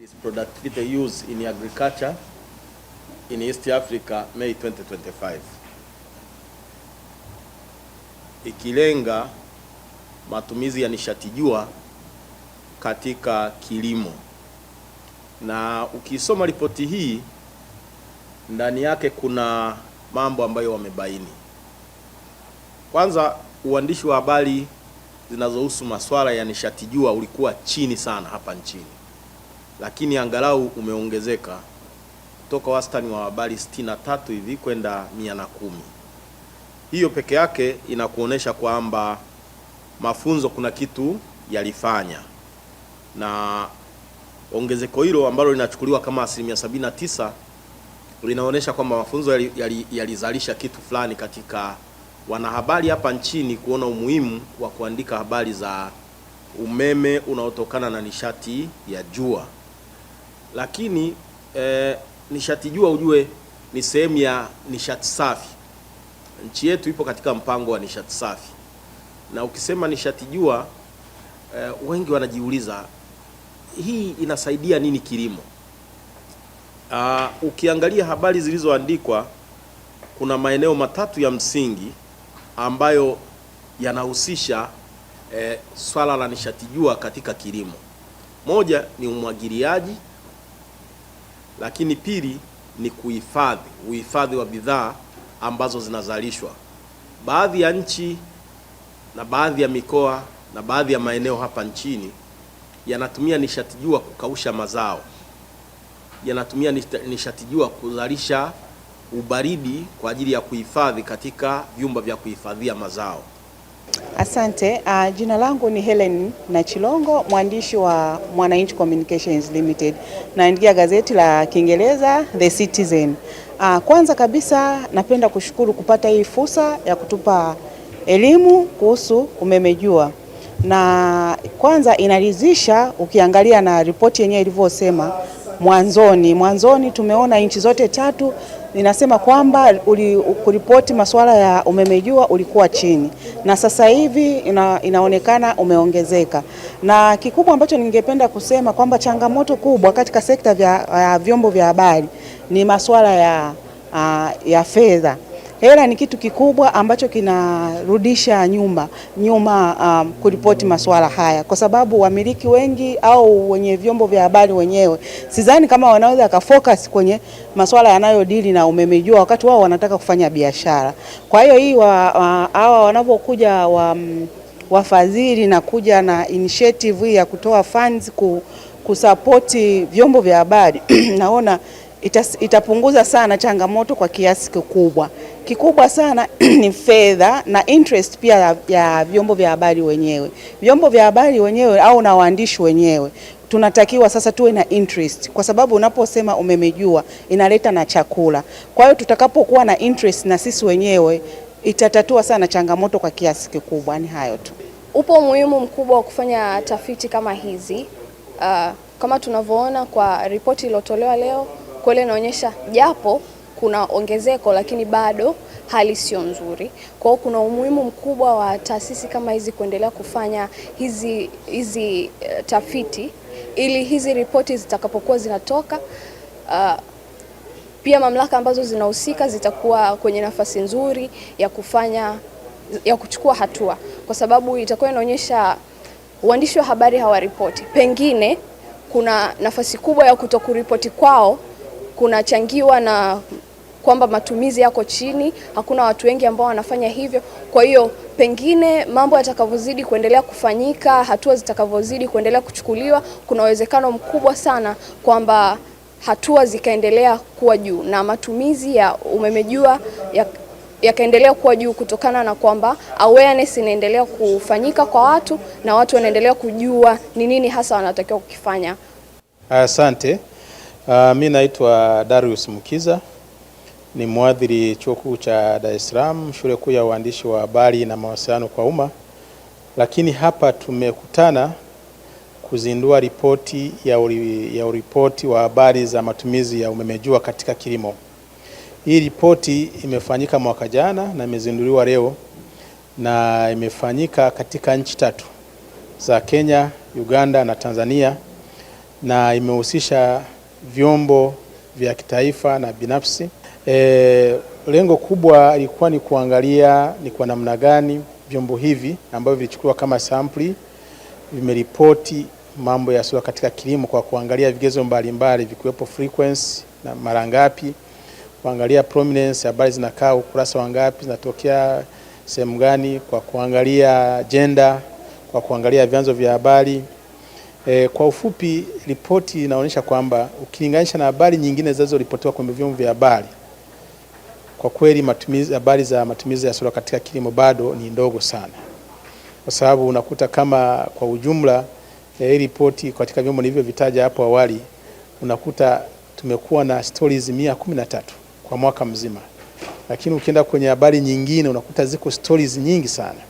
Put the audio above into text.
This productivity use in agriculture in East Africa May 2025 ikilenga matumizi ya nishati jua katika kilimo, na ukisoma ripoti hii ndani yake kuna mambo ambayo wamebaini. Kwanza, uandishi wa habari zinazohusu masuala ya nishati jua ulikuwa chini sana hapa nchini lakini angalau umeongezeka toka wastani wa habari 63 hivi kwenda 110. Hiyo peke yake inakuonyesha kwamba mafunzo kuna kitu yalifanya, na ongezeko hilo ambalo linachukuliwa kama asilimia 79 linaonyesha kwamba mafunzo yalizalisha yali, yali kitu fulani katika wanahabari hapa nchini kuona umuhimu wa kuandika habari za umeme unaotokana na nishati ya jua lakini e, nishati jua ujue ni sehemu ya nishati safi. Nchi yetu ipo katika mpango wa nishati safi, na ukisema nishati jua e, wengi wanajiuliza hii inasaidia nini kilimo? Aa, ah, ukiangalia habari zilizoandikwa kuna maeneo matatu ya msingi ambayo yanahusisha e, swala la nishati jua katika kilimo. Moja ni umwagiliaji lakini pili ni kuhifadhi, uhifadhi wa bidhaa ambazo zinazalishwa. Baadhi ya nchi na baadhi ya mikoa na baadhi ya maeneo hapa nchini yanatumia nishati jua kukausha mazao, yanatumia nishati jua kuzalisha ubaridi kwa ajili ya kuhifadhi katika vyumba vya kuhifadhia mazao. Asante. Uh, jina langu ni Helen Nachilongo, mwandishi wa Mwananchi Communications Limited. Naandikia gazeti la Kiingereza The Citizen. Uh, kwanza kabisa napenda kushukuru kupata hii fursa ya kutupa elimu kuhusu umeme jua, na kwanza inaridhisha ukiangalia na ripoti yenyewe ilivyosema mwanzoni mwanzoni, tumeona nchi zote tatu ninasema kwamba kuripoti masuala ya umeme jua ulikuwa chini na sasa hivi ina, inaonekana umeongezeka, na kikubwa ambacho ningependa kusema kwamba changamoto kubwa katika sekta ya vyombo vya habari ni masuala ya, ah, ya fedha. Hela ni kitu kikubwa ambacho kinarudisha nyuma nyuma, um, kuripoti masuala haya, kwa sababu wamiliki wengi au wenye vyombo vya habari wenyewe sidhani kama wanaweza wakafocus kwenye masuala yanayodili na umemejua, wakati wao wanataka kufanya biashara. Kwa hiyo hii hawa wa, wa, wanapokuja wa, mm, wafadhili na kuja na initiative hii ya kutoa funds ku, kusapoti vyombo vya habari naona itas, itapunguza sana changamoto kwa kiasi kikubwa kikubwa sana ni fedha na interest pia ya, ya vyombo vya habari wenyewe. Vyombo vya habari wenyewe au na waandishi wenyewe tunatakiwa sasa tuwe na interest, kwa sababu unaposema umemejua inaleta na chakula. Kwa hiyo tutakapokuwa na interest na sisi wenyewe itatatua sana changamoto kwa kiasi kikubwa. Ni hayo tu. Upo umuhimu mkubwa wa kufanya tafiti kama hizi uh, kama tunavyoona kwa ripoti iliyotolewa leo kweli inaonyesha japo kuna ongezeko, lakini bado hali sio nzuri. Kwa hiyo kuna umuhimu mkubwa wa taasisi kama hizi kuendelea kufanya hizi, hizi uh, tafiti ili hizi ripoti zitakapokuwa zinatoka uh, pia mamlaka ambazo zinahusika zitakuwa kwenye nafasi nzuri ya kufanya ya kuchukua hatua, kwa sababu itakuwa inaonyesha uandishi wa habari hawaripoti, pengine kuna nafasi kubwa ya kutokuripoti kwao kunachangiwa na kwamba matumizi yako chini, hakuna watu wengi ambao wanafanya hivyo. Kwa hiyo pengine mambo yatakavyozidi kuendelea kufanyika, hatua zitakavyozidi kuendelea kuchukuliwa, kuna uwezekano mkubwa sana kwamba hatua zikaendelea kuwa juu na matumizi ya umeme jua ya yakaendelea kuwa juu kutokana na kwamba awareness inaendelea kufanyika kwa watu na watu wanaendelea kujua ni nini hasa wanatakiwa kukifanya. Asante. Uh, mi naitwa Darius Mkiza ni mwadhiri chuo kikuu cha Dar es Salaam, shule kuu ya uandishi wa habari na mawasiliano kwa umma, lakini hapa tumekutana kuzindua ripoti ya, uri, ya uripoti wa habari za matumizi ya umeme jua katika kilimo. Hii ripoti imefanyika mwaka jana na imezinduliwa leo na imefanyika katika nchi tatu za Kenya, Uganda na Tanzania na imehusisha vyombo vya kitaifa na binafsi E, lengo kubwa ilikuwa ni kuangalia ni kwa namna gani vyombo hivi ambavyo vilichukuliwa kama sampli vimeripoti mambo ya suala katika kilimo kwa kuangalia vigezo mbalimbali vikiwepo frequency na mara ngapi, kuangalia prominence, habari zinakaa ukurasa wangapi, zinatokea sehemu gani, kwa kuangalia gender, kwa kuangalia vyanzo vya habari. E, kwa ufupi ripoti inaonyesha kwamba ukilinganisha na habari nyingine zinazoripotiwa kwenye vyombo vya habari kwa kweli matumizi, habari za matumizi ya sola katika kilimo bado ni ndogo sana, kwa sababu unakuta kama kwa ujumla eh, hii ripoti katika vyombo nilivyovitaja hapo awali, unakuta tumekuwa na stories mia kumi na tatu kwa mwaka mzima, lakini ukienda kwenye habari nyingine unakuta ziko stories nyingi sana.